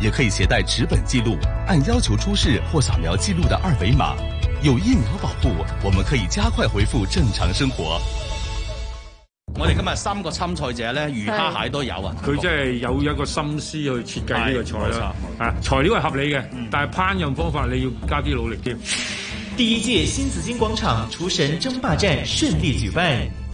也可以攜帶紙本記錄，按要求出示或掃描記錄的二維碼。有疫苗保護，我們可以加快回復正常生活。嗯、我哋今日三個參賽者呢，魚蝦蟹都有啊。佢真係有一個心思去設計呢個菜啦。啊，錯材料係合理嘅，嗯、但係烹飪方法你要加啲努力添、啊。第一屆新紫荊廣場廚神爭霸戰順利舉辦。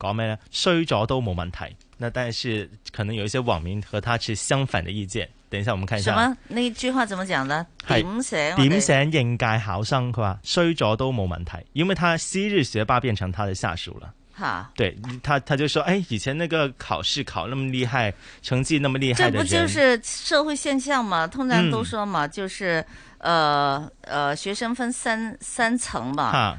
講咩呢？衰咗都冇問題。那但是可能有一些網民和他持相反的意見。等一下，我們看一下。什麼？那一句話怎麼講呢？是點醒點醒應屆考生，佢話衰咗都冇問題，因為他昔日學霸變成他的下屬了。哈，對他他就說，哎、欸，以前那個考試考那麼厲害，成績那麼厲害的，這不就是社會現象嘛？通常都說嘛，嗯、就是呃呃，學生分三三層嘛。哈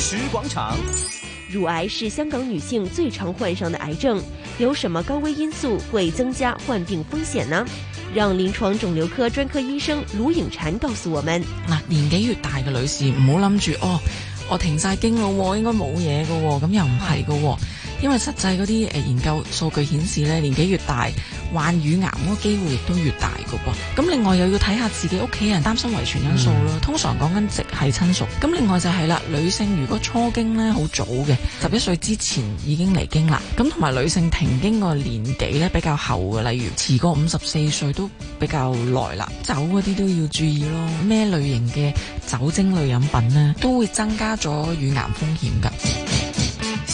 食廣場，乳癌是香港女性最常患上的癌症。有什麼高危因素會增加患病風險呢？讓臨床腫瘤科專科醫生盧穎嬋告訴我們。年紀越大嘅女士，唔好諗住哦，我停晒經咯，應該冇嘢嘅，咁又唔係嘅。因為實際嗰啲誒研究數據顯示咧，年紀越大，患乳癌嗰機會都越大嘅噃。咁另外又要睇下自己屋企人擔心遺傳因素咯。嗯、通常講緊直係親屬。咁另外就係、是、啦，女性如果初經呢好早嘅，十一歲之前已經嚟經啦。咁同埋女性停經個年紀呢比較後嘅，例如遲過五十四歲都比較耐啦。酒嗰啲都要注意咯，咩類型嘅酒精類飲品呢都會增加咗乳癌風險嘅。嗯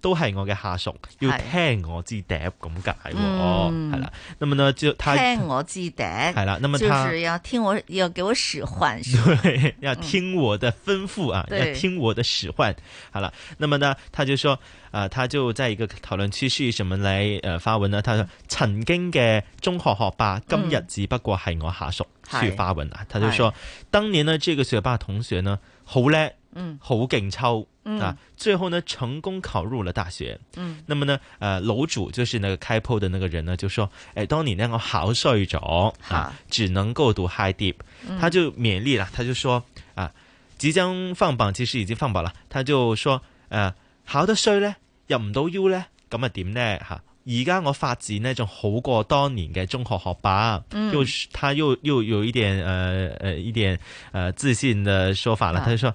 都係我嘅下屬，要聽我之笛咁解，係啦。咁啊，就聽我之笛，係啦。咁啊，就是要聽我，要給我使喚，對，要聽我的吩咐啊，嗯、要聽我的使喚。嗯、對好了，咁麼呢，他就說啊、呃，他就在一個討論區書上面嚟誒，發文呢。他說曾經嘅中學學霸，今日只不過係我下屬書發文啊。是他就說，是當年呢，這個學霸同學呢，好叻。嗯，好勁抽啊，最後呢成功考入了大學。嗯，那麼呢，呃，樓主就是那個開鋪的那個人呢，就說，哎，當年那個考衰咗啊，啊只能夠讀 High Deep、嗯、他就勉勵了，他就說啊，即將放榜，其實已經放榜了。他就說，呃、啊，考得衰咧，入唔到 U 咧，咁啊點咧吓？而家我發展咧，仲好過當年嘅中學學霸。嗯，又他又又，又有一點呃呃一點呃自信的說法了，啊、他就說。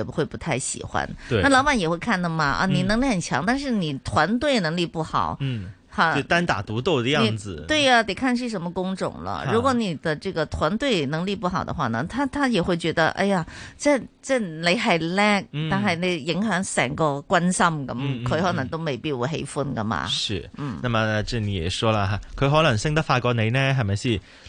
也不會不太喜歡，那老闆也會看的嘛對啊！你能力很強，嗯、但是你團隊能力不好，嗯，哈，就單打獨鬥的樣子，你對啊，得看是什麼工種了。嗯、如果你的這個團隊能力不好的話呢，他他也會覺得，哎呀，即係即係你係叻，嗯、但係你影響成個軍心，咁、嗯，佢、嗯嗯、可能都未必會喜歡噶嘛。是，嗯，那麼正如你也說了哈，佢可能升得快過你呢，係咪先？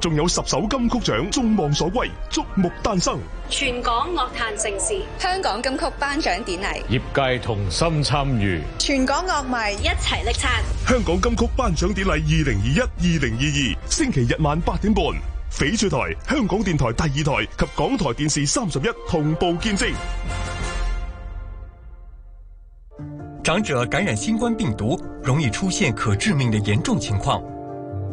仲有十首金曲獎眾望所歸，矚目誕生。全港樂壇盛事，香港金曲頒獎典禮，業界同心參與，全港樂迷一齊力撐。香港金曲頒獎典禮二零二一、二零二二，星期日晚八點半，翡翠台、香港電台第二台及港台電視三十一同步見證。長者感染新冠病毒容易出現可致命的嚴重情況。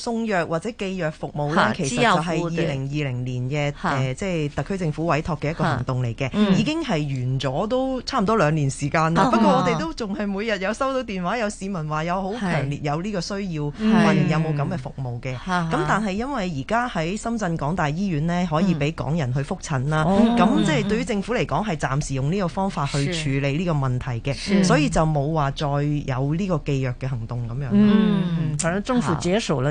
送藥或者寄藥服務咧，其實就係二零二零年嘅誒，即係特區政府委託嘅一個行動嚟嘅，已經係完咗都差唔多兩年時間啦。不過我哋都仲係每日有收到電話，有市民話有好強烈有呢個需要問有冇咁嘅服務嘅。咁但係因為而家喺深圳港大醫院呢，可以俾港人去覆診啦。咁即係對於政府嚟講，係暫時用呢個方法去處理呢個問題嘅，所以就冇話再有呢個寄藥嘅行動咁樣。嗯，係啦，政府 z e 啦，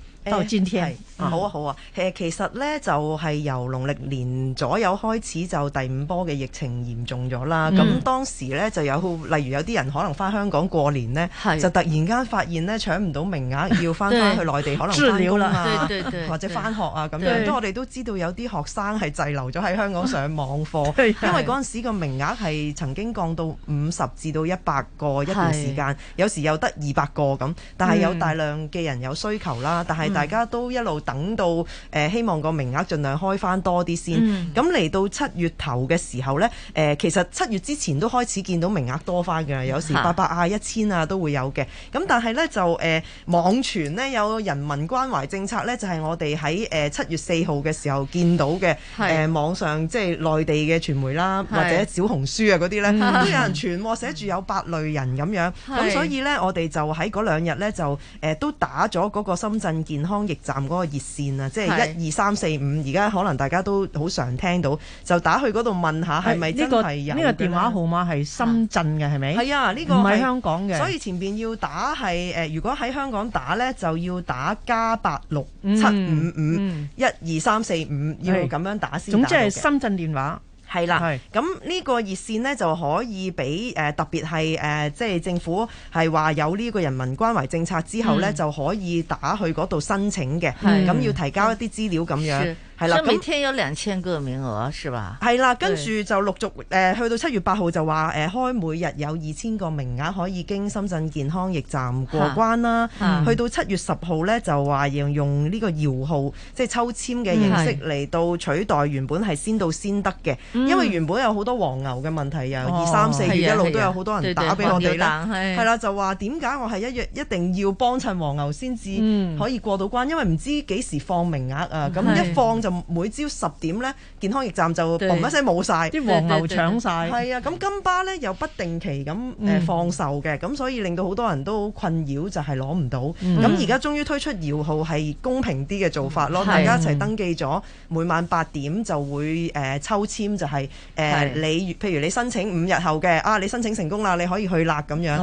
到、欸、好啊，好啊，其實呢，就係、是、由農曆年左右開始，就第五波嘅疫情嚴重咗啦。咁當時呢，就有例如有啲人可能翻香港過年呢，是就突然間發現呢，搶唔到名額，要翻返去內地可能返工啦、啊，了了或者翻學啊咁樣。對我哋都知道有啲學生係滯留咗喺香港上網課，對對對因為嗰陣時個名額係曾經降到五十至到一百個一段時間，是有時又得二百個咁，但係有大量嘅人有需求啦，嗯、但大家都一路等到誒、呃、希望個名額盡量開翻多啲先。咁嚟、嗯、到七月頭嘅時候咧，誒、呃、其實七月之前都開始見到名額多翻嘅，有時八百啊，啊、一千啊都會有嘅。咁但係咧就誒、呃、網傳咧有人文關懷政策咧，就係、是、我哋喺誒七月四號嘅時候見到嘅誒是、呃、網上即係內地嘅傳媒啦，是或者小紅書啊嗰啲咧都有人傳喎，寫住有八類人咁樣。咁是所以咧，我哋就喺嗰兩日咧就誒、呃、都打咗嗰個深圳健健康驛站嗰個熱線啊，即係一二三四五，而家可能大家都好常聽到，就打去嗰度問下係咪真係有呢、這個這個電話號碼係深圳嘅係咪？係啊，呢、啊這個唔係香港嘅，所以前邊要打係誒，如果喺香港打呢，就要打加八六七五五一二三四五，5, 嗯嗯、45, 要咁樣打先。總即係深圳電話。係啦，咁呢個熱線呢就可以俾誒、呃、特別係誒、呃，即係政府係話有呢個人文關懷政策之後呢、嗯、就可以打去嗰度申請嘅。咁、嗯、要提交一啲資料咁樣。係啦，每天有兩千個名額，是吧？係啦，跟住就陸續誒、呃、去到七月八號就話誒、呃、開每日有二千個名額可以經深圳健康驛站過關啦。去到七月十號咧就話要用呢個搖號，即係抽籤嘅形式嚟到取代原本係先到先得嘅，嗯、因為原本有好多黃牛嘅問題，又二三四月一路都有好多人打俾我哋啦。係啦，就話點解我係一一定要幫襯黃牛先至可以過到關？嗯、因為唔知幾時放名額啊，咁一放就～每朝十點呢，健康驛站就嘣一聲冇晒，啲黃牛搶晒。係啊，咁金巴呢，又不定期咁誒放售嘅，咁、嗯、所以令到好多人都困擾，就係攞唔到。咁而家終於推出搖號係公平啲嘅做法咯，是大家一齊登記咗，每晚八點就會誒、呃、抽籤、就是，就係誒你譬如你申請五日後嘅啊，你申請成功啦，你可以去攔咁樣。咁、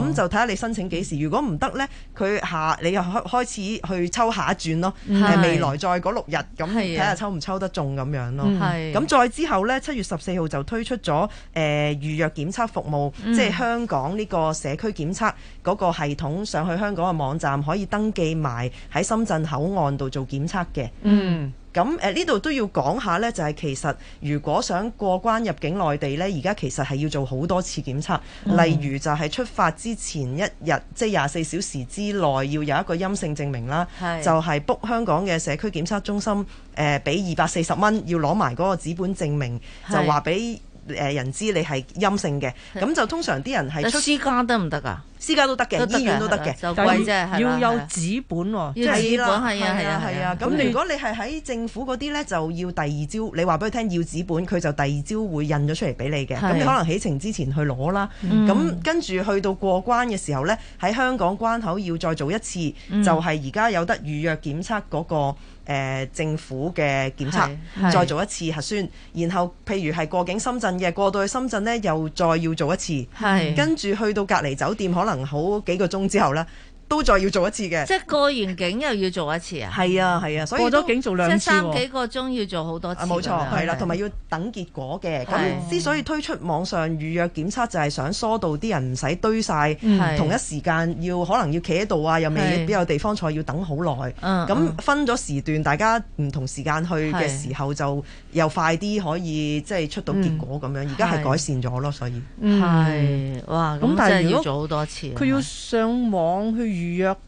哦、就睇下你申請幾時。如果唔得呢，佢下你又開開始去抽下一轉咯是、呃。未來再嗰六日咁。睇下抽唔抽得中咁樣咯，咁、嗯、再之後呢，七月十四號就推出咗誒、呃、預約檢測服務，即係香港呢個社區檢測嗰個系統，上去香港嘅網站可以登記埋喺深圳口岸度做檢測嘅。嗯。咁呢度都要講下呢就係、是、其實如果想過關入境內地呢，而家其實係要做好多次檢測，例如就係出發之前一日，嗯、即係廿四小時之內要有一個陰性證明啦。是就係 book 香港嘅社區檢測中心誒，俾二百四十蚊要攞埋嗰個紙本證明，是就話俾人知你係陰性嘅。咁是就通常啲人係出私家得唔得啊？私家都得嘅，醫院都得嘅，但係要有紙本喎。係啦，係啊，係啊，係啊。咁如果你係喺政府嗰啲呢，就要第二朝。你話俾佢聽要紙本，佢就第二朝會印咗出嚟俾你嘅。咁你可能起程之前去攞啦。咁跟住去到過關嘅時候呢，喺香港關口要再做一次，就係而家有得預約檢測嗰個誒政府嘅檢測，再做一次核酸。然後譬如係過境深圳嘅，過到去深圳呢，又再要做一次。跟住去到隔離酒店，可能。可能好幾個鐘之後呢都再要做一次嘅，即係過完境又要做一次啊！係啊，係啊，過咗境做兩次即係三幾個鐘要做好多次。冇錯，係啦，同埋要等結果嘅。咁之所以推出網上預約檢測就係想疏導啲人唔使堆晒同一時間，要可能要企喺度啊，又未必有地方坐，要等好耐。咁分咗時段，大家唔同時間去嘅時候就又快啲可以即係出到結果咁樣，而家係改善咗咯，所以係，哇。咁但係要做好多次，佢要上網去。預約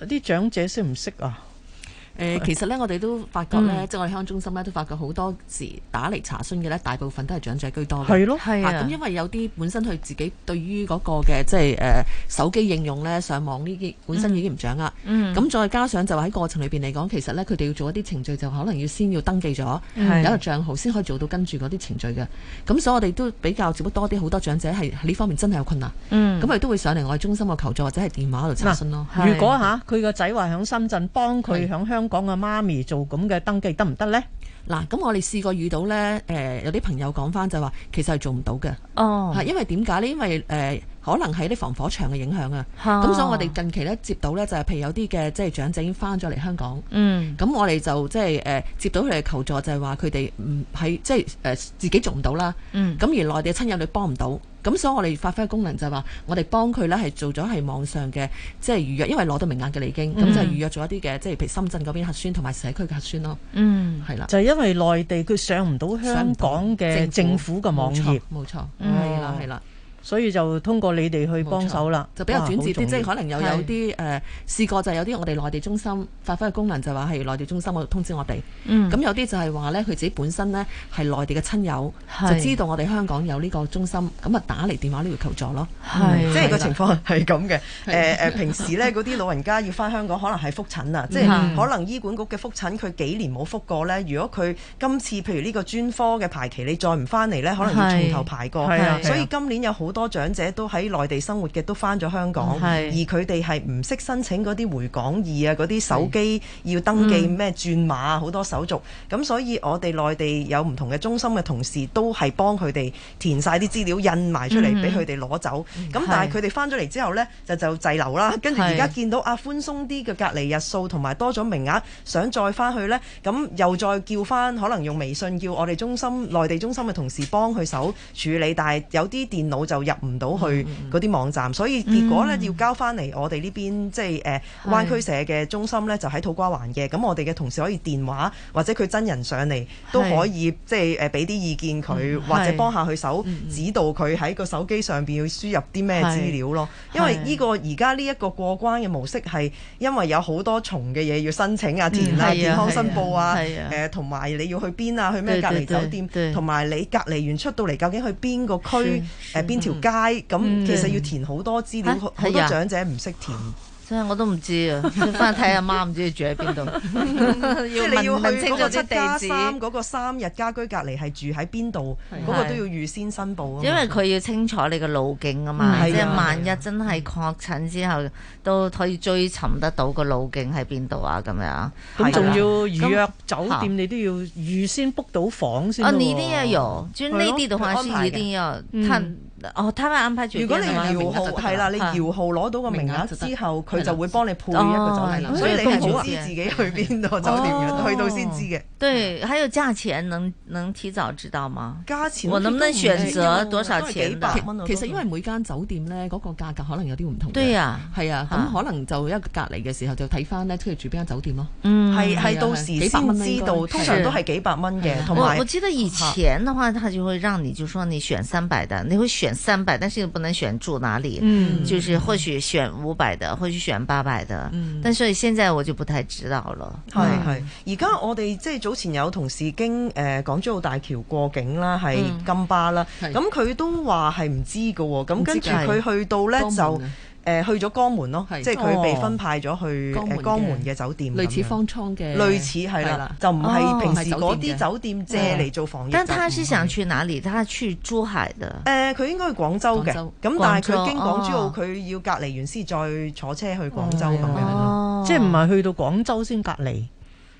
啲長者識唔識啊？呃、其實咧，我哋都發覺咧，嗯、即係我哋香港中心咧，都發覺好多時打嚟查詢嘅咧，大部分都係長者居多。係咯的，咁、啊、因為有啲本身佢自己對於嗰個嘅即係誒、呃、手機應用咧，上網呢啲本身已經唔掌握。咁、嗯嗯、再加上就喺過程裏面嚟講，其實咧佢哋要做一啲程序，就可能要先要登記咗的有一個帳號，先可以做到跟住嗰啲程序嘅。咁所以我哋都比較，只不過多啲好多長者係呢方面真係有困難。咁佢、嗯、都會上嚟我哋中心個求助，或者係電話度查詢咯。麼的如果吓，佢個仔話喺深圳幫佢喺香，講個媽咪，做咁嘅登記得唔得呢？嗱，咁我哋試過遇到呢，誒、呃，有啲朋友講翻就話，其實係做唔到嘅。哦，係因為點解呢？因為誒、呃，可能喺啲防火牆嘅影響啊。咁、oh. 所以我哋近期呢，接到呢就係、是，譬如有啲嘅即係長者已經翻咗嚟香港。嗯、mm.，咁我哋就即係誒接到佢哋求助就是他們，就係話佢哋唔係，即係誒自己做唔到啦。嗯，咁而內地嘅親友你幫唔到。咁所以我哋發揮嘅功能就係話，我哋幫佢咧係做咗係網上嘅即係預約，因為攞到名額嘅已經，咁、嗯、就係預約咗一啲嘅，即係譬如深圳嗰邊核酸同埋社區嘅核酸咯。嗯，係啦，就係因為內地佢上唔到香港嘅政府嘅網頁，冇錯，冇錯，係啦，係啦、嗯。所以就通過你哋去幫手啦，就比較轉折啲，即係可能又有啲誒試過就有啲我哋內地中心發揮嘅功能，就話係內地中心我通知我哋，咁有啲就係話咧佢自己本身咧係內地嘅親友，就知道我哋香港有呢個中心，咁啊打嚟電話呢度求助咯，即係個情況係咁嘅。誒誒，平時咧嗰啲老人家要翻香港，可能係覆診啊，即係可能醫管局嘅覆診佢幾年冇覆過咧，如果佢今次譬如呢個專科嘅排期，你再唔翻嚟咧，可能要重頭排過，所以今年有好。好多長者都喺內地生活嘅，都翻咗香港，是而佢哋係唔識申請嗰啲回港易啊，嗰啲是手機要登記咩、嗯、轉碼，好多手續。咁所以我哋內地有唔同嘅中心嘅同事都係幫佢哋填晒啲資料，印埋出嚟俾佢哋攞走。咁、嗯、但係佢哋翻咗嚟之後呢，是就就滯留啦。跟住而家見到是啊，寬鬆啲嘅隔離日數同埋多咗名額，想再翻去呢。咁又再叫翻可能用微信叫我哋中心內地中心嘅同事幫佢手處理。但係有啲電腦就入唔到去嗰啲網站，所以結果咧要交翻嚟我哋呢邊，即係誒灣區社嘅中心咧，就喺土瓜灣嘅。咁我哋嘅同事可以電話或者佢真人上嚟，都可以即係誒俾啲意見佢，或者幫下佢手指導佢喺個手機上邊要輸入啲咩資料咯。因為呢個而家呢一個過關嘅模式係因為有好多重嘅嘢要申請啊，填啊健康申報啊，誒同埋你要去邊啊，去咩隔離酒店，同埋你隔離完出到嚟究竟去邊個區誒邊條。條街咁，其實要填好多資料，好多長者唔識填，真係我都唔知啊！翻去睇阿媽，唔知你住喺邊度。即係你要問清楚七家三嗰個三日家居隔離係住喺邊度，嗰個都要預先申報啊。因為佢要清楚你嘅路徑啊嘛，即係萬一真係確診之後，都可以追尋得到個路徑喺邊度啊咁樣。咁仲要預約酒店，你都要預先 book 到房先。呢啲一定要有，即係呢啲嘅話是一定要。哦，睇下安排住。如果你搖號係啦，你搖號攞到個名額之後，佢就會幫你配一個酒店。所以你唔知自己去邊度酒店，去到先知嘅。對，還有價錢能能提早知道嗎？價錢，我能不能選擇多少錢？幾錢的？其實因為每間酒店咧，嗰個價格可能有啲唔同。對啊，係啊，咁可能就一個隔離嘅時候就睇翻咧，出去住邊間酒店咯。嗯，係，係到時先知道，通常都係幾百蚊嘅。同埋，我記得以前嘅話，佢就會讓你，就話你選三百的，你會選。三百，300, 但是又不能選住哪裡，嗯，就是或許選五百的，或許、嗯、選八百的，嗯，但所以現在我就不太知道了。係係是，而家、嗯、我哋即係早前有同事經誒、呃、港珠澳大橋過境啦，係金巴啦，咁佢、嗯、都話係唔知㗎、喔，咁跟住佢去到咧就。誒，去咗江門咯，即係佢被分派咗去江門嘅酒店，類似方艙嘅，類似係啦，就唔係平時嗰啲酒店借嚟做房。但係他思想處哪裏？他去珠海嘅。誒，佢應該去廣州嘅，咁但係佢經港珠澳，佢要隔離完先再坐車去廣州咁樣咯，即係唔係去到廣州先隔離？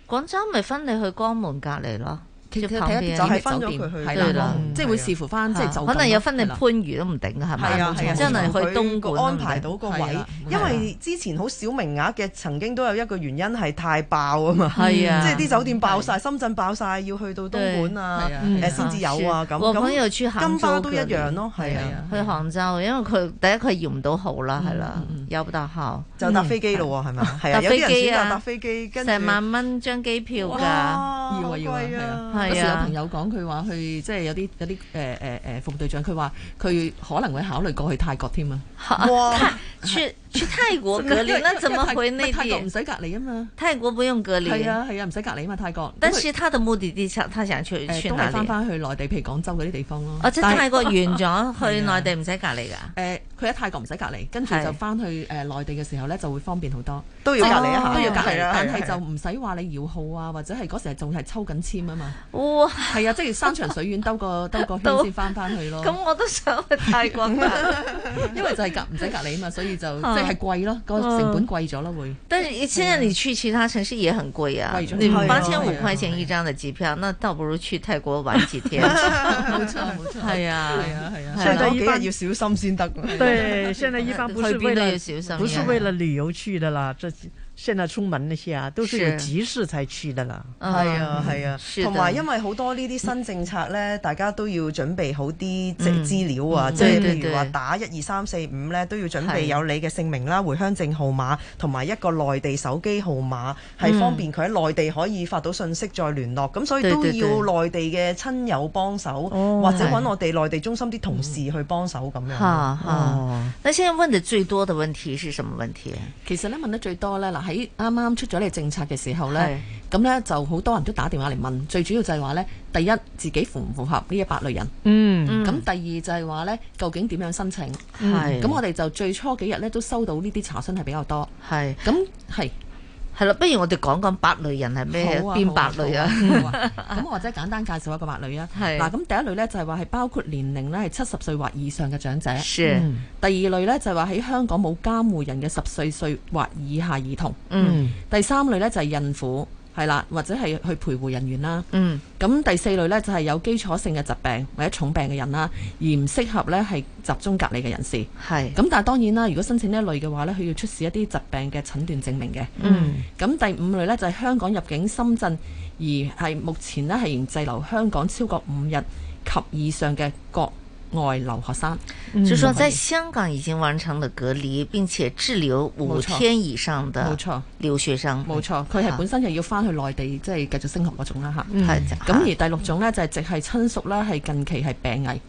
廣州咪分你去江門隔離咯？其實跑邊？就係分咗佢去即係會視乎翻，即係走。可能有分你番禺都唔定，係咪？係啊，係啊。真係去東莞。安排到個位，因為之前好少名額嘅，曾經都有一個原因係太爆啊嘛。係啊，即係啲酒店爆晒，深圳爆晒，要去到東莞啊，先至有啊咁。咁又出杭金巴都一樣咯，係啊，去杭州，因為佢第一佢要唔到號啦，係啦，有特效就搭飛機咯喎，係咪啊？係啊，有啲人選擇搭飛機，成萬蚊張機票㗎，好貴啊！有時有朋友講，佢話去即係有啲有啲誒誒誒副隊長，佢話佢可能會考慮過去泰國添啊！哇，去去泰國隔離，那怎麼回內地？泰國唔使隔離啊嘛！泰國不用隔離，係啊係啊，唔使隔離啊嘛！泰國。但是他的目的地想，他想去去哪？都翻翻去內地，譬如廣州嗰啲地方咯。或者泰國完咗去內地唔使隔離㗎？誒，佢喺泰國唔使隔離，跟住就翻去誒內地嘅時候咧，就會方便好多。都要隔離啊！都要隔離，但係就唔使話你搖號啊，或者係嗰時係仲係抽緊籤啊嘛。哇，係啊，即係山長水遠兜個兜個圈先翻翻去咯。咁我都想去泰國，因為就係隔唔使隔離啊嘛，所以就即係貴咯，個成本貴咗啦會。但係現在你去其他城市也很貴啊，你八千五塊錢一張嘅機票，那倒不如去泰國玩幾天。冇錯，冇錯，係啊，係啊，係啊。現在幾日要小心先得。對，現在一般不是為了小心，不是為了旅遊去的啦，現在出門那些啊，都是有急事才去的啦。係啊係啊，同埋因為好多呢啲新政策呢，大家都要準備好啲資資料啊，即係譬如話打一二三四五呢，都要準備有你嘅姓名啦、回鄉證號碼，同埋一個內地手機號碼，係方便佢喺內地可以發到信息再聯絡。咁所以都要內地嘅親友幫手，或者揾我哋內地中心啲同事去幫手咁樣。吓吓，那現在問得最多的問題是什麼問題？其實咧問得最多呢。喺啱啱出咗呢個政策嘅時候呢，咁呢是就好多人都打電話嚟問，最主要就係話呢，第一自己符唔符合呢一百類人？嗯，咁第二就係話呢，究竟點樣申請？係是，咁我哋就最初幾日呢都收到呢啲查詢係比較多。係是，咁係。係啦，不如我哋講講八類人係咩？邊八、啊、類啊？咁、啊啊啊啊、或者簡單介紹一個八類啊。嗱 是，咁第一類咧就係話係包括年齡咧係七十歲或以上嘅長者是、嗯。第二類咧就係話喺香港冇監護人嘅十四歲或以下兒童。嗯。第三類咧就係孕婦。係啦，或者係去陪護人員啦。嗯，咁第四類呢，就係有基礎性嘅疾病或者重病嘅人啦，而唔適合呢係集中隔離嘅人士。係，咁但係當然啦，如果申請呢一類嘅話呢，佢要出示一啲疾病嘅診斷證明嘅。嗯，咁第五類呢，就係香港入境深圳而係目前呢係仍滯留香港超過五日及以上嘅國。外留學生，就說在香港已經完成了隔離，並且滯留五天以上的留學生，冇錯。佢係本身又要翻去內地，即係繼續升學嗰種啦，吓。係。咁而第六種呢，就係直系親屬啦，係近期係病危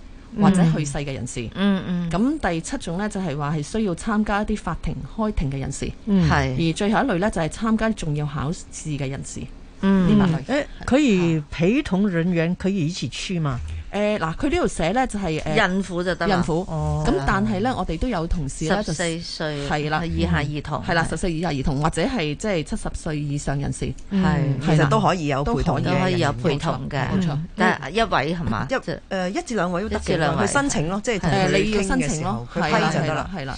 或者去世嘅人士。嗯嗯。咁第七種呢，就係話係需要參加一啲法庭開庭嘅人士。係。而最後一類呢，就係參加重要考試嘅人士。嗯。誒，可以陪同人員可以一起去嘛？誒嗱，佢呢度寫咧就係，孕婦就得。孕婦，咁但係咧，我哋都有同事十四歲，係啦，以下兒童，係啦，十四以下兒童或者係即係七十歲以上人士，係其實都可以有陪同嘅人士陪同嘅，冇錯。但係一位係嘛？一誒一至兩位都得嘅，位，申請咯，即係同你要申請時候，佢批就得啦，係啦。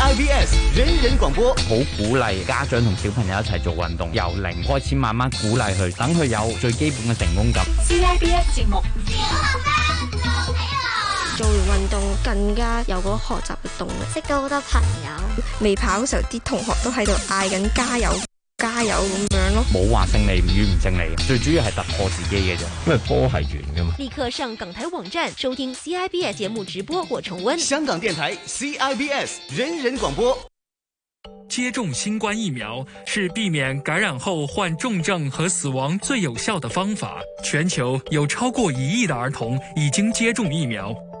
I B S 人人廣播，好鼓勵家長同小朋友一齊做運動，由零開始慢慢鼓勵佢，等佢有最基本嘅成功感。C I B S 節目，做完運動更加有個學習動力，識到好多朋友。未跑嘅時候，啲同學都喺度嗌緊加油。加油咁樣咯，冇話勝利與唔勝利，最主要係突破自己嘅啫。因為波係圓噶嘛。立刻上港台網站收聽 CIBS 節目直播或重温。香港電台 CIBS 人人廣播，接種新冠疫苗是避免感染後患重症和死亡最有效的方法。全球有超過一億的兒童已經接種疫苗。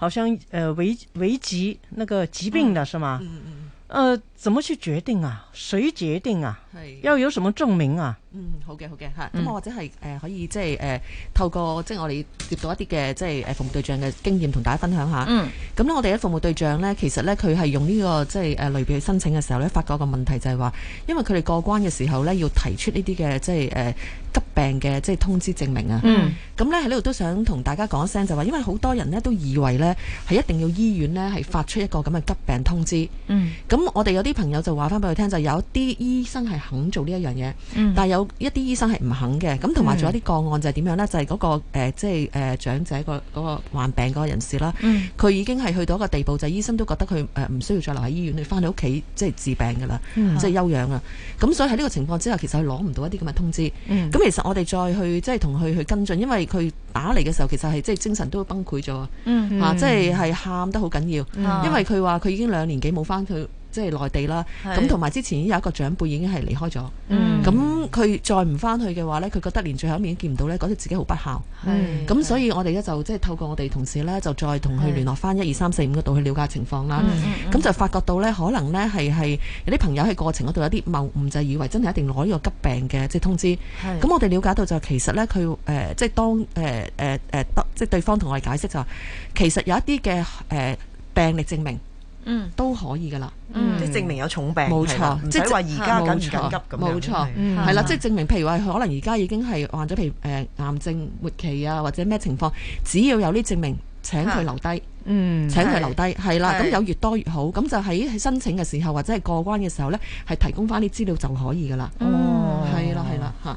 好像誒、呃、危危疾那個疾病的、嗯、是嗎？嗯嗯，誒，怎麼去決定啊？誰決定啊？係的要有什麼證明啊？嗯，好嘅好嘅吓，咁、嗯、我或者係誒、呃、可以即係誒透過即係我哋接到一啲嘅即係誒服務對象嘅經驗同大家分享下。嗯，咁咧我哋喺服務對象咧，其實咧佢係用呢、這個即係誒、呃、類別去申請嘅時候咧，發覺個問題就係話，因為佢哋過關嘅時候咧，要提出呢啲嘅即係誒。呃急病嘅即係通知證明啊，咁咧喺呢度都想同大家講聲就話，因為好多人呢都以為呢係一定要醫院呢係發出一個咁嘅急病通知，咁、嗯、我哋有啲朋友就話翻俾佢聽就係有啲醫生係肯做呢一樣嘢，嗯、但係有一啲醫生係唔肯嘅，咁同埋仲有啲個案就係點樣呢？嗯、就係嗰、那個即係誒長者、那個嗰患病個人士啦，佢、嗯、已經係去到一個地步，就係、是、醫生都覺得佢唔需要再留喺醫院，佢翻到屋企即係治病㗎啦，即係、嗯、休養啊，咁好所以喺呢個情況之下，其實佢攞唔到一啲咁嘅通知，咁、嗯。其實我哋再去即係同佢去跟進，因為佢打嚟嘅時候，其實係即係精神都崩潰咗、嗯嗯、啊！啊，即係係喊得好緊要，嗯、因為佢話佢已經兩年幾冇翻佢。即係內地啦，咁同埋之前已經有一個長輩已經係離開咗，咁佢、嗯、再唔翻去嘅話呢，佢覺得連最後一面都見唔到呢，覺、那、得、個、自己好不孝，咁是所以我哋呢，就即係透過我哋同事呢，就再同佢聯絡翻一二三四五嗰度去了解情況啦，咁是、嗯、就發覺到呢，可能呢係係有啲朋友喺過程嗰度有啲謬誤，就係、以為真係一定攞呢個急病嘅即係通知，咁是我哋了解到就其實呢，佢、呃、即係當、呃呃、即係對方同我哋解釋就係、其實有一啲嘅、呃、病歷證明。嗯，都可以噶啦、嗯，即係證明有重病，冇錯，即係話而家緊急咁樣，係啦，即係證明，譬如話可能而家已經係患咗譬誒癌症末期啊，或者咩情況，只要有呢證明，請佢留低、啊，嗯，請佢留低，係啦的，咁的有越多越好，咁就喺申請嘅時候或者係過關嘅時候咧，係提供翻啲資料就可以噶啦，哦，係啦係啦吓。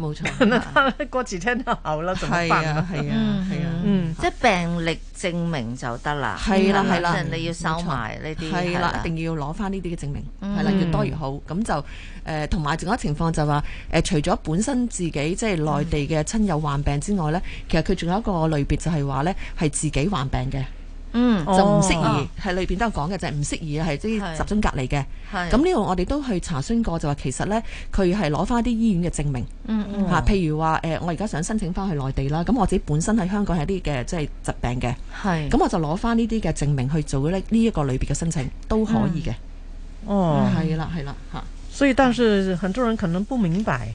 冇錯，嗱啲歌詞聽得口啦，仲發啊，係啊，係啊，嗯，即係病歷證明就得啦，係啦，係啦，你要收埋呢啲，係啦，一定要攞翻呢啲嘅證明，係啦，越多越好，咁就誒，同埋仲有情況就話，誒，除咗本身自己即係內地嘅親友患病之外咧，其實佢仲有一個類別就係話咧，係自己患病嘅。嗯，就唔適宜，喺裏邊都有講嘅就係唔適宜係即係集中隔離嘅。係是，咁呢個我哋都去查詢過，就話其實呢，佢係攞翻啲醫院嘅證明。嗯嗯、啊。譬如話誒、呃，我而家想申請翻去內地啦，咁我自己本身喺香港係啲嘅即係疾病嘅。係是。咁我就攞翻呢啲嘅證明去做呢呢一個類別嘅申請都可以嘅、嗯。哦，係啦，係啦嚇。所以，但是很多人可能不明白。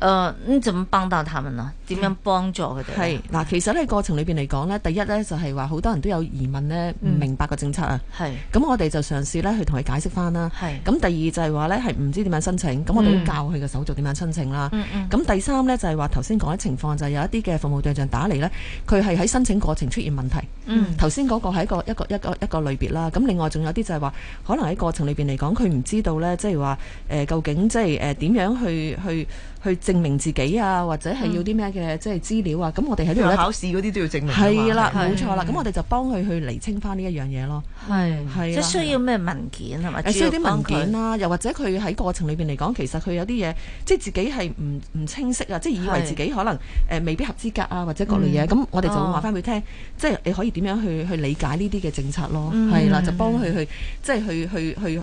誒、呃，你怎麼幫到他們啊？點樣幫助佢哋？係嗱、嗯，其實喺過程裏邊嚟講呢，第一呢就係話好多人都有疑問呢，唔明白個政策啊。係咁、嗯，那我哋就嘗試咧去同佢解釋翻啦。係咁是，第二就係話呢係唔知點樣申請，咁、嗯、我哋都教佢個手續點樣申請啦。咁、嗯嗯嗯、第三呢就係話頭先講嘅情況就係、是、有一啲嘅服務對象打嚟呢，佢係喺申請過程出現問題。嗯。頭先嗰個係一個一個一個一個，一個類別啦。咁另外仲有啲就係話，可能喺過程裏邊嚟講，佢唔知道呢，即係話誒，究竟即係點、呃、樣去去。去證明自己啊，或者係要啲咩嘅，即係資料啊。咁我哋喺呢度考試嗰啲都要證明。係啦，冇錯啦。咁我哋就幫佢去釐清翻呢一樣嘢咯。係係。即係需要咩文件係咪？需要啲文件啊，又或者佢喺過程裏邊嚟講，其實佢有啲嘢，即係自己係唔唔清晰啊，即係以為自己可能誒未必合資格啊，或者各類嘢。咁我哋就會話翻佢聽，即係你可以點樣去去理解呢啲嘅政策咯。係啦，就幫佢去即係去去去。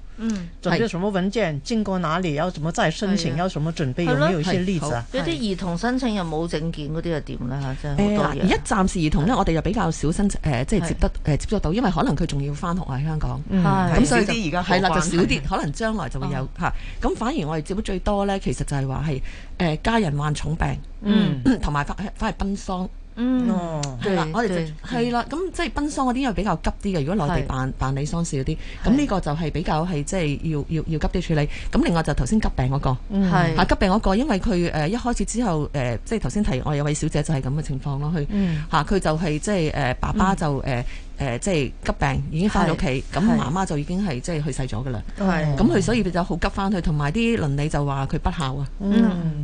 嗯，準備什麼文件？經過哪裏？要什麼再申請？要什麼準備？有冇一些例子啊？一啲兒童申請又冇證件嗰啲又點咧？吓真係嗱，而一暫時兒童咧，我哋又比較少申誒，即係接得誒，接觸到，因為可能佢仲要翻學喺香港，咁所以啲而家係啦，就少啲，可能將來就會有吓。咁反而我哋接得最多咧，其實就係話係誒，家人患重病，嗯，同埋反反去奔喪。嗯，係啦對，我哋係啦，咁即係奔喪嗰啲因為比較急啲嘅，如果內地辦是辦理喪事嗰啲，咁呢是個就係比較係即係要要要急啲處理。咁另外就頭先急病嗰，那個，係吓是、啊、急病嗰個，因為佢誒、呃、一開始之後誒、呃，即係頭先提我有位小姐就係咁嘅情況咯，佢吓佢就係、是、即係誒、呃、爸爸就誒。呃嗯即係急病已經翻咗屋企，咁媽媽就已經係即係去世咗㗎喇。咁佢所以佢就好急翻去，同埋啲鄰里就話佢不孝啊。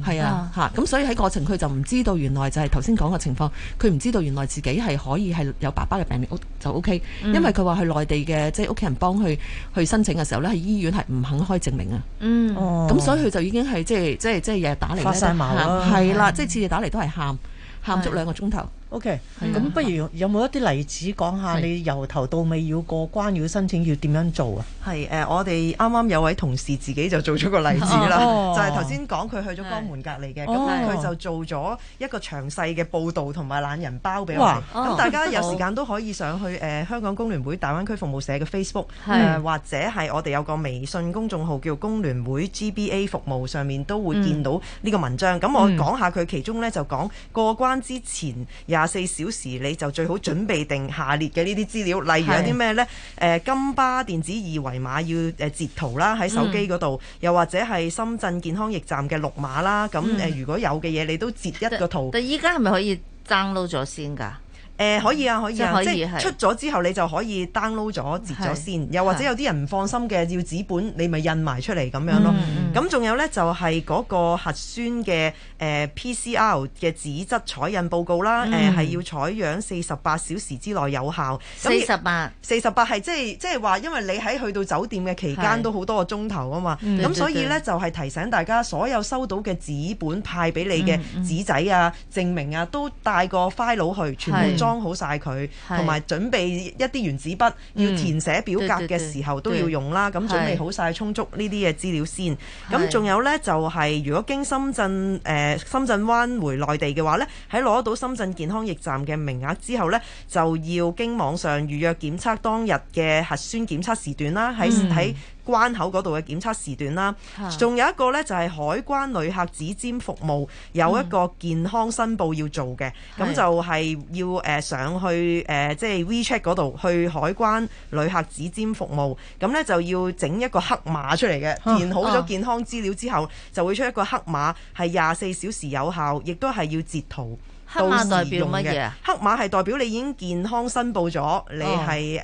係啊，咁所以喺過程佢就唔知道原來就係頭先講嘅情況，佢唔知道原來自己係可以係有爸爸嘅病歷，就 O K。因為佢話去內地嘅即係屋企人幫佢去申請嘅時候呢，喺醫院係唔肯開證明啊。嗯，咁所以佢就已經係即係即係即係日日打嚟，發曬毛咯。係啦，即係次次打嚟都係喊喊足兩個鐘頭。O.K. 咁、啊、不如有冇一啲例子講下？你由頭到尾要過關、要申請要點樣做啊？係誒、呃，我哋啱啱有位同事自己就做咗個例子啦，哦、就係頭先講佢去咗江門隔離嘅，咁佢、哦、就做咗一個詳細嘅報道，同埋懶人包俾我哋。咁、哦、大家有時間都可以上去誒、呃、香港工聯會大灣區服務社嘅 Facebook，、呃、或者係我哋有個微信公眾號叫工聯會 G.B.A 服務，上面都會見到呢個文章。咁、嗯、我講下佢其中咧，就講過關之前有廿四小時你就最好準備定下列嘅呢啲資料，例如有啲咩呢？誒、呃、金巴電子二維碼要截圖啦，喺手機嗰度、嗯、又或者係深圳健康驛站嘅綠碼啦。咁誒如果有嘅嘢，你都截一個圖。嗯、但係依家係咪可以 download 咗先㗎？誒可以啊，可以啊，即係出咗之後你就可以 download 咗截咗先，又或者有啲人唔放心嘅要紙本，你咪印埋出嚟咁樣咯。咁仲有咧就係嗰個核酸嘅 PCR 嘅紙質採印報告啦，誒係要採樣四十八小時之內有效。四十八，四十八係即係即係話，因為你喺去到酒店嘅期間都好多個鐘頭啊嘛，咁所以咧就係提醒大家所有收到嘅紙本派俾你嘅紙仔啊、證明啊，都帶個 file 去，全部裝。裝好晒佢，同埋準備一啲原子筆，是要填寫表格嘅時候、嗯、都要用啦。咁是準備好晒充足呢啲嘅資料先。咁仲是有呢，就係、是、如果經深圳、呃、深圳灣回內地嘅話呢，喺攞到深圳健康驛站嘅名額之後呢，就要經網上預約檢測當日嘅核酸檢測時段啦。喺喺是關口嗰度嘅檢測時段啦，仲有一個呢就係海關旅客指尖服務，有一個健康申報要做嘅，咁、嗯、就係要上去即係、呃即係、WeChat 嗰度去海關旅客指尖服務，咁呢就要整一個黑碼出嚟嘅，填好咗健康資料之後、哦哦、就會出一個黑碼，係廿四小時有效，亦都係要截圖用。黑碼代表乜嘢？黑碼係代表你已經健康申報咗，你係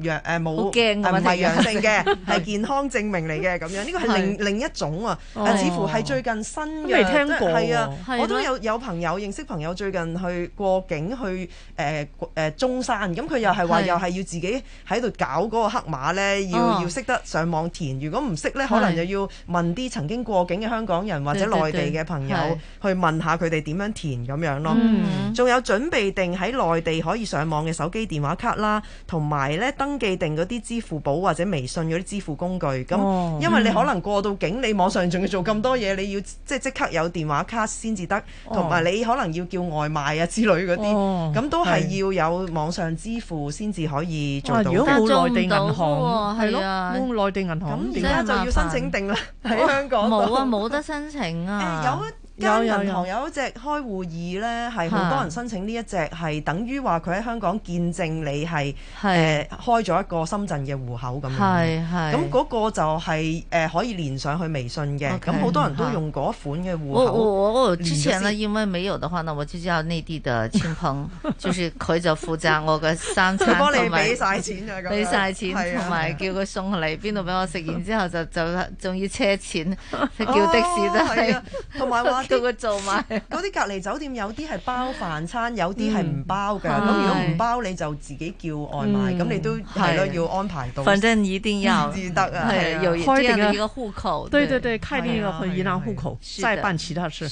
陽誒，冇係唔係陽性嘅，係健康證明嚟嘅咁樣，呢個係另另一種啊！啊，似乎係最近新嘅，都未聽過。係啊，我都有有朋友認識朋友，最近去過境去誒誒中山，咁佢又係話又係要自己喺度搞嗰個黑碼呢，要要識得上網填。如果唔識呢，可能又要問啲曾經過境嘅香港人或者內地嘅朋友去問下佢哋點樣填咁樣咯。嗯，仲有準備定喺內地可以上網嘅手機電話卡啦，同埋呢。登記定嗰啲支付寶或者微信嗰啲支付工具，咁、哦嗯、因為你可能過到境，你網上仲要做咁多嘢，你要即係即刻有電話卡先至得，同埋、哦、你可能要叫外賣啊之類嗰啲，咁、哦、都係要有網上支付先至可以做到、啊。如果冇內地銀行，係、啊啊、咯，冇內地銀行，咁而家就要申請定啦喺、啊、香港。冇啊，冇得申請啊。欸有有銀行有一隻開戶二咧，係好多人申請呢一隻，係等於話佢喺香港見證你係誒開咗一個深圳嘅戶口咁樣。係係。咁嗰個就係可以連上去微信嘅，咁好多人都用嗰款嘅戶口。我之前呢，因為沒有的話呢，我就叫內地的親朋，就是佢就負責我嘅三餐，同埋俾晒錢啊，俾曬錢，同埋叫佢送你邊度俾我食。然之後就就仲要車錢，叫的士都係，同埋叫佢做埋嗰啲隔離酒店，有啲係包飯餐，有啲係唔包㗎。咁如果唔包，你就自己叫外賣，咁你都係咯，要安排到。反正一定要先得啊，係有開定一個戶口。對對對，開定要去銀行戶口，再辦其他事。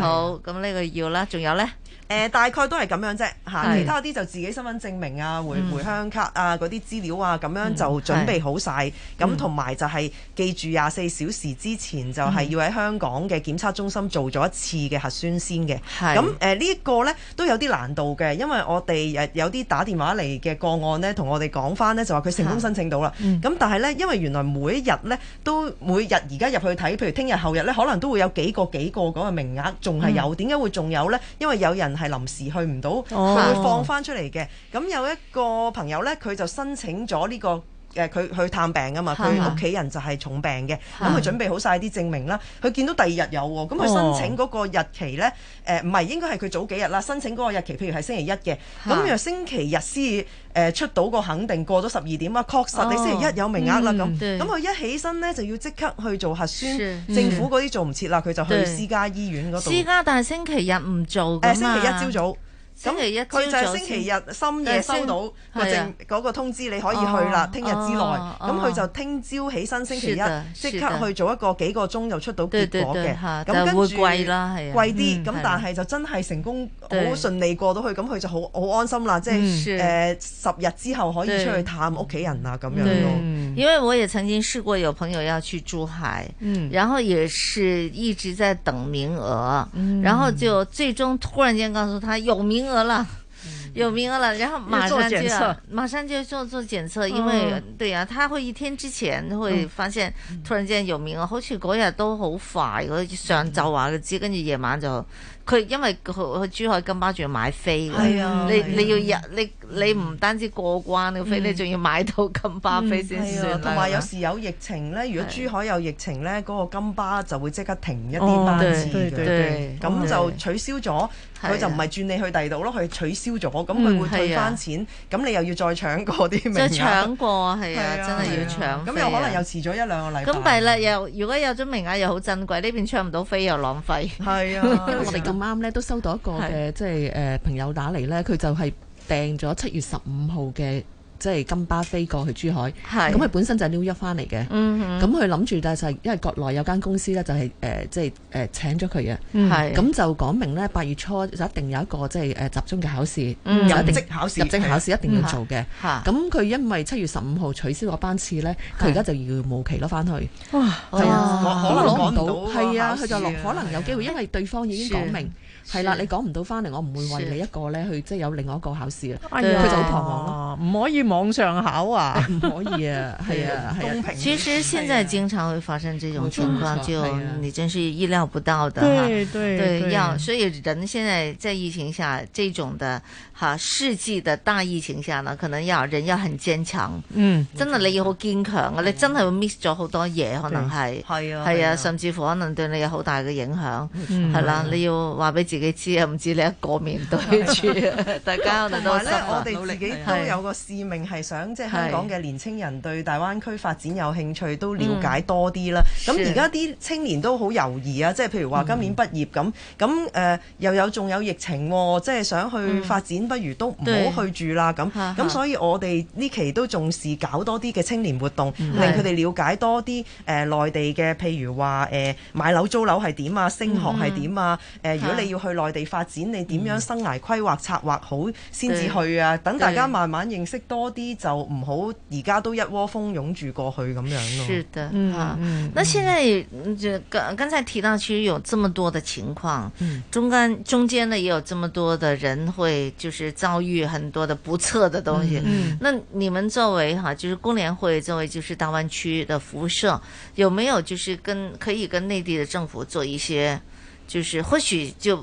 好咁呢個要啦，仲有咧。誒、呃、大概都係咁樣啫，嚇是！其他啲就自己身份證明啊、回、嗯、回鄉卡啊、嗰啲資料啊，咁樣就準備好晒。咁同埋就係記住廿四小時之前就係要喺香港嘅檢測中心做咗一次嘅核酸先嘅。咁誒呢一個呢都有啲難度嘅，因為我哋有啲打電話嚟嘅個案呢，同我哋講翻呢就話佢成功申請到啦。咁、嗯、但係呢，因為原來每一日呢都每日而家入去睇，譬如聽日、後日呢，可能都會有幾個幾個嗰個名額仲係有。點解、嗯、會仲有呢？因為有人。係臨時去唔到，佢會放翻出嚟嘅。咁有一個朋友咧，佢就申請咗呢個。誒佢去探病啊嘛，佢屋企人就係重病嘅，咁佢嗎準備好晒啲證明啦。佢見到第二日有，咁佢申請嗰個日期咧，唔係、哦呃、應該係佢早幾日啦。申請嗰個日期，譬如係星期一嘅，咁然後嗎星期日先、呃、出到個肯定，過咗十二點啊，確實你星期一有名額啦咁。咁佢、哦嗯、一起身咧就要即刻去做核酸，嗯、政府嗰啲做唔切啦，佢就去私家醫院嗰度。私家但係星期日唔做，誒、呃、星期一朝早。咁佢就星期日深夜收到個證嗰個通知，你可以去啦。聽日之內，咁佢就聽朝起身星期一即刻去做一個幾個鐘就出到結果嘅。咁跟住貴啦，貴啲，咁但係就真係成功好順利過到去，咁佢就好好安心啦。即係誒十日之後可以出去探屋企人啊咁樣咯。因為我也曾經試過有朋友要去珠海，然後也是一直在等名額，然後就最終突然間告訴他有名。名額啦，有名額啦，然後馬上就要，馬上就要做做檢測，因為、嗯、對啊，他會一天之前會發現，嗯、突然之間有名額好似嗰日都好快，嗰、嗯、上晝話佢知，跟住夜晚就，佢因為去去珠海金巴仲要買飛，係啊，你你要入你。你唔單止過關，飛你仲要買到金巴飛先算啦。同埋有時有疫情呢，如果珠海有疫情呢，嗰個金巴就會即刻停一啲班次嘅，咁就取消咗，佢就唔係轉你去第二度咯，佢取消咗，咁佢會退翻錢，咁你又要再搶過啲名。再係搶過，係啊，真係要搶。咁又可能又遲咗一兩個禮拜。咁咪啦，又如果有咗名額又好珍貴，呢邊搶唔到飛又浪費。係啊，因為我哋咁啱呢都收到一個嘅，即係誒朋友打嚟呢，佢就係。訂咗七月十五號嘅即係金巴飛過去珠海，咁佢本身就係 New York 翻嚟嘅，咁佢諗住咧就係因為國內有間公司呢，就係誒即係誒請咗佢嘅，咁就講明呢，八月初就一定有一個即係集中嘅考試，入職考試，入職考試一定要做嘅，咁佢因為七月十五號取消嗰班次呢，佢而家就遙遙無期咯翻去，係可能攞唔到，係啊，佢就可能有機會，因為對方已經講明。係啦，你講唔到翻嚟，我唔會為你一個咧去即係有另外一個考試啦。去早堂網咯，唔可以網上考啊，唔可以啊，係啊。啊，其實現在經常會發生這種情況，就你真是意料不到的。對對對，要所以人現在在疫情下，這種的哈世紀的大疫情下呢，可能要人要很堅強。真的你要好堅強，你真係會 miss 咗好多嘢，可能係係啊，係啊，甚至乎可能對你有好大嘅影響。係啦，你要話俾自己知啊，唔知你一個面對住 大家我哋同埋咧，我哋自己都有個使命是，係想力即係香港嘅年青人對大灣區發展有興趣，都了解多啲啦。咁而家啲青年都好猶豫啊，即係譬如話今年畢業，咁、嗯，咁誒又有仲有疫情，即係想去發展，不如都唔好去住啦。咁咁、嗯，所以我哋呢期都重視搞多啲嘅青年活動，嗯、令佢哋了解多啲誒內地嘅，譬如話誒、呃、買樓租樓係點啊，升學係點啊。誒、呃、如果你要。去內地發展，你點樣生涯規劃策劃好先至、嗯、去啊？對等大家慢慢認識多啲，對就唔好而家都一窩蜂湧住過去咁樣咯、啊。是的，嗯，啊、嗯那現在就剛、嗯、剛才提到，其實有這麼多的情況，嗯、中間中間呢也有這麼多的人會就是遭遇很多的不測的東西。嗯，那你們作為哈、啊，就是工聯會作為就是大灣區的服務社，有沒有就是跟可以跟內地的政府做一些，就是或許就。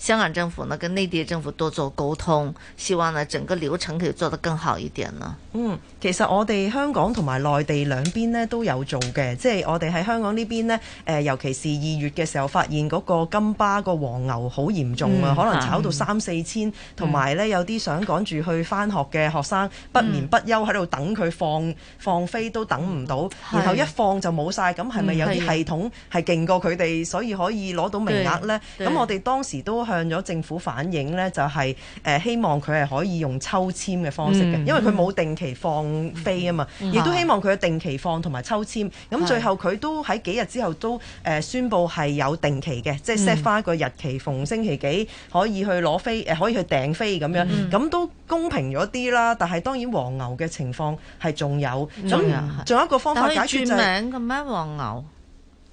香港政府呢跟內地政府多做溝通，希望呢整個流程可以做得更好一點。呢。嗯，其實我哋香港同埋內地兩邊呢都有做嘅，即係我哋喺香港這邊呢邊，呢、呃，尤其是二月嘅時候發現嗰個金巴個黃牛好嚴重啊，嗯、可能炒到三四千，同埋、嗯嗯、有啲想趕住去翻學嘅學生、嗯、不眠不休喺度等佢放放飛都等唔到，嗯、然後一放就冇晒。咁係咪有啲系統係勁過佢哋，嗯、所以可以攞到名額呢？咁我哋當時都，向咗政府反映呢，就係、是呃、希望佢係可以用抽籤嘅方式嘅，嗯、因為佢冇定期放飛啊嘛，亦、嗯、都希望佢定期放同埋抽籤。咁的最後佢都喺幾日之後都宣布係有定期嘅，的即 set 翻個日期，嗯、逢星期幾可以去攞飛，可以去訂飛咁樣，咁、嗯、都公平咗啲啦。但係當然黃牛嘅情況係仲有，咁仲、嗯、有一個方法解決、就係、可以名嘅咩黃牛？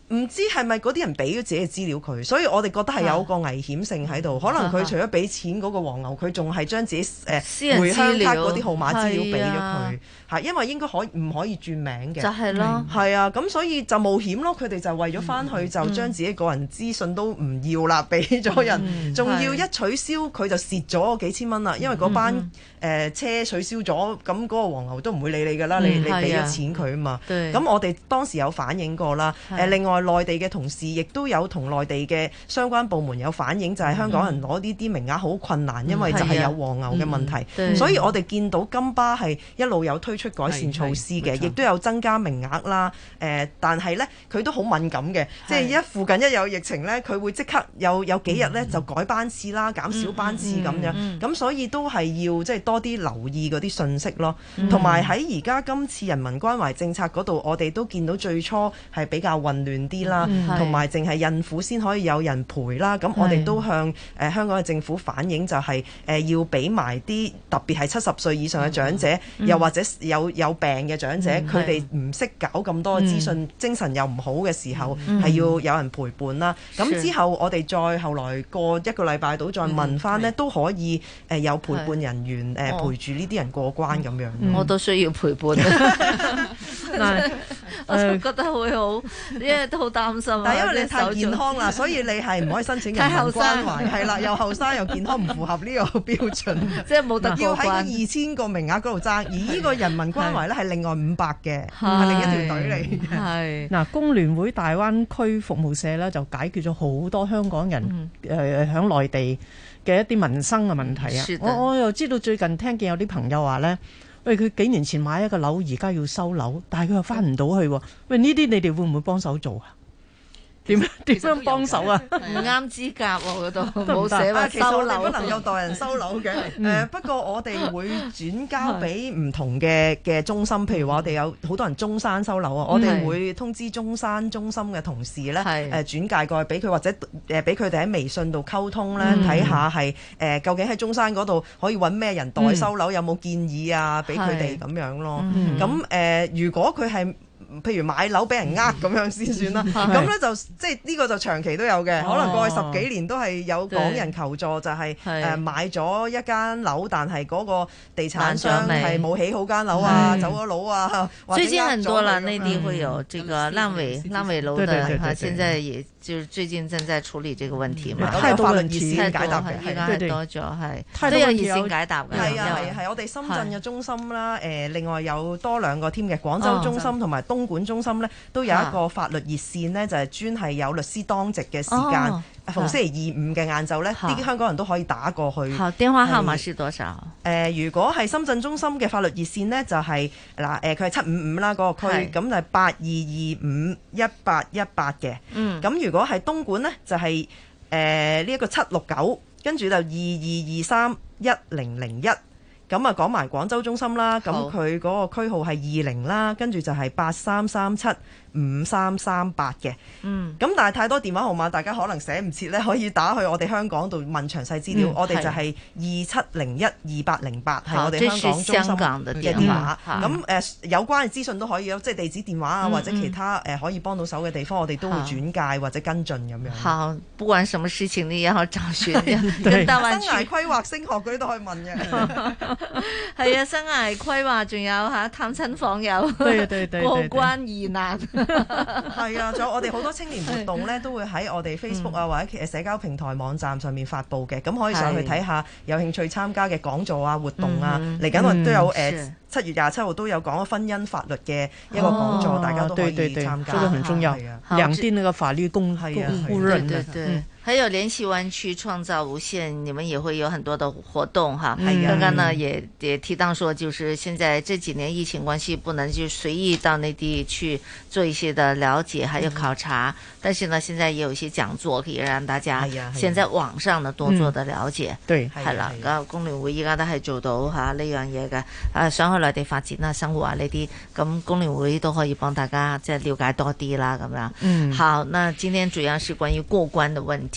唔知係咪嗰啲人俾咗自己嘅資料佢，所以我哋覺得係有個危險性喺度。可能佢除咗俾錢嗰個黃牛，佢仲係將自己誒回鄉卡嗰啲號碼資料俾咗佢。嚇，因為應該可唔可以轉名嘅？就係咯，係啊，咁所以就冒險咯。佢哋就為咗翻去就將自己個人資訊都唔要啦，俾咗人，仲要一取消佢就蝕咗幾千蚊啦。因為嗰班誒車取消咗，咁嗰個黃牛都唔會理你噶啦。你你俾咗錢佢啊嘛。咁我哋當時有反映過啦。誒，另外。內地嘅同事亦都有同內地嘅相關部門有反映，就係、是、香港人攞呢啲名額好困難，嗯、因為就係有黃牛嘅問題。嗯、所以我哋見到金巴係一路有推出改善措施嘅，亦都有增加名額啦。誒、呃，但係咧佢都好敏感嘅，是即係一附近一有疫情咧，佢會即刻有有幾日咧就改班次啦，嗯、減少班次咁樣，咁、嗯嗯嗯、所以都係要即係多啲留意嗰啲信息咯。同埋喺而家今次人文關懷政策嗰度，我哋都見到最初係比較混亂。啲啦，同埋淨係孕婦先可以有人陪啦。咁我哋都向誒香港嘅政府反映，就係誒要俾埋啲特別係七十歲以上嘅長者，又或者有有病嘅長者，佢哋唔識搞咁多資訊，精神又唔好嘅時候，係要有人陪伴啦。咁之後我哋再後來過一個禮拜度再問翻呢，都可以誒有陪伴人員誒陪住呢啲人過關咁樣。我都需要陪伴，我覺得會好，因為。好擔心啊！但係因為你太健康啦，所以你係唔可以申請人文關懷，係啦，又後生又健康，唔符合呢個標準。即係冇得要喺二千個名額嗰度爭，而呢個人文關懷咧係另外五百嘅，唔係另一條隊嚟嘅。係嗱，工聯會大灣區服務社咧就解決咗好多香港人誒喺內地嘅一啲民生嘅問題啊！我我又知道最近聽見有啲朋友話咧。喂，佢幾年前買一個樓，而家要收樓，但係佢又返唔到去了。喂，呢啲你哋會唔會幫手做啊？點，點樣幫手啊？唔啱資格喎，嗰度冇寫話，其實我哋不能夠代人收樓嘅。誒不過我哋會轉交俾唔同嘅嘅中心，譬如話我哋有好多人中山收樓啊，我哋會通知中山中心嘅同事咧，誒轉介過去俾佢或者誒俾佢哋喺微信度溝通咧，睇下係誒究竟喺中山嗰度可以揾咩人代收樓，有冇建議啊？俾佢哋咁樣咯。咁誒如果佢係。譬如買樓俾人呃咁樣先算啦，咁咧就即係呢個就長期都有嘅，可能過去十幾年都係有港人求助，就係誒買咗一間樓，但係嗰個地產商係冇起好間樓啊，走咗佬啊，所以啲多啦呢啲會有，呢個爛尾爛尾樓嘅，佢現在就最近正在處理這個問題嘛。都係法律，太多，太多咗係，太多意見解答嘅。係啊係啊係，我哋深圳嘅中心啦，誒另外有多兩個添嘅廣州中心同埋東。管中心咧都有一個法律熱線呢，就係專係有律師當值嘅時間。Oh, oh, oh. 逢星期二五嘅晏晝呢，啲、oh. 香港人都可以打過去。Oh. 嗯、好，電話號碼是多少？誒、呃，如果係深圳中心嘅法律熱線呢，就係嗱誒，佢係七五五啦嗰個區，咁是就係八二二五一八一八嘅。嗯、咁、mm. 如果係東莞呢，就係誒呢一個七六九，跟住就二二二三一零零一。咁啊，講埋廣州中心啦，咁佢嗰個區號係二零啦，跟住就係八三三七，五三三八嘅，嗯，咁但係太多電話號碼，大家可能寫唔切咧，可以打去我哋香港度問詳細資料。我哋就係二七零一二八零八，係我哋香港中心嘅電話。咁誒有關嘅資訊都可以咯，即係地址電話啊，或者其他誒可以幫到手嘅地方，我哋都會轉介或者跟進咁樣。好，不管什麼事情你可找説，但係生涯規劃、升學嗰啲都可以問嘅。係啊，生涯規劃仲有嚇探親訪友，對對對，過關疑難。係 啊，仲有我哋好多青年活動咧，都會喺我哋 Facebook 啊，或者社交平台網站上面發佈嘅，咁可以上去睇下有興趣參加嘅講座啊、活動啊。嚟緊我都有誒，七、嗯呃、月廿七號都有講婚姻法律嘅一個講座，啊、大家都可以參加。婚姻重要，兩地嘅法律公互啊，嘅、啊。還有聯繫灣區創造無限，你們也會有很多的活動哈。剛剛、嗯、呢也也提到說，就是現在這幾年疫情關係，不能就隨意到內地去做一些的了解、嗯、還有考察。但是呢，現在也有一些講座可以讓大家先在網上呢多做的了解。對，係啦了，咁工聯會依家都係做到哈呢樣嘢嘅。啊，想去內地發展啊、生活啊呢啲，咁工聯會都可以幫大家即係了解多啲啦，咁樣。嗯，好，那今天主要是關於過關的問題。